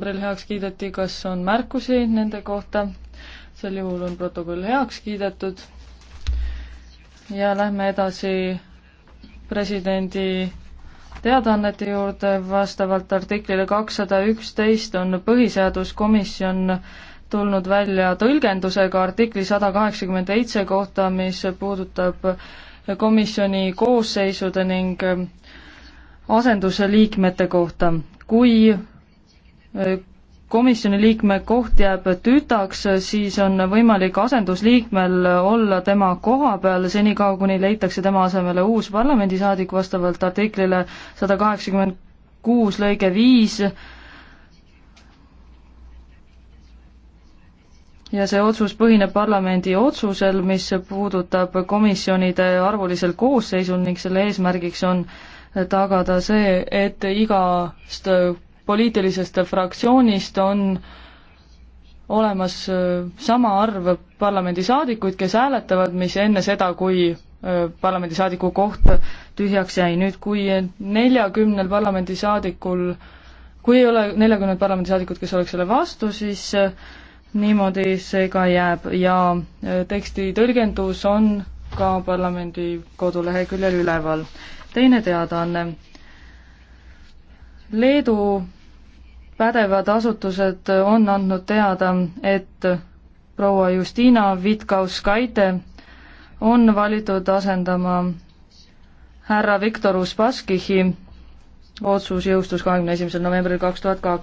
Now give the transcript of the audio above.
novembril heaks kiideti, kas on märkusi nende kohta. sel juhul on protokoll heaks kiidetud. ja lähme edasi presidendi teadaannete juurde. vastavalt artiklile kakssada üksteist on põhiseaduskomisjon tulnud välja tõlgendusega artikli sada kaheksakümmend seitse kohta, mis puudutab komisjoni koosseisude ning asenduse liikmete kohta. kui komisjoni liikme koht jääb tütaks, siis on võimalik asendusliikmel olla tema koha peal senikaua, kuni leitakse tema asemele uus parlamendisaadik vastavalt artiklile sada kaheksakümmend kuus lõige viis ja see otsus põhineb parlamendi otsusel, mis puudutab komisjonide arvulisel koosseisul ning selle eesmärgiks on tagada see, et igast poliitilisest fraktsioonist on olemas äh, sama arv parlamendisaadikuid, kes hääletavad, mis enne seda, kui äh, parlamendisaadiku koht tühjaks jäi. nüüd, kui neljakümnel parlamendisaadikul, kui ei ole neljakümnel parlamendisaadikut, kes oleks selle vastu, siis äh, niimoodi see ka jääb ja teksti tõlgendus on ka parlamendi koduleheküljel üleval. teine teadaanne. Leedu pädevad asutused on andnud teada, et proua Justina Vitkaus-Kaite on valitud asendama härra Viktor Uspaskihi, otsus jõustus kahekümne esimesel novembril kaks tuhat kaks.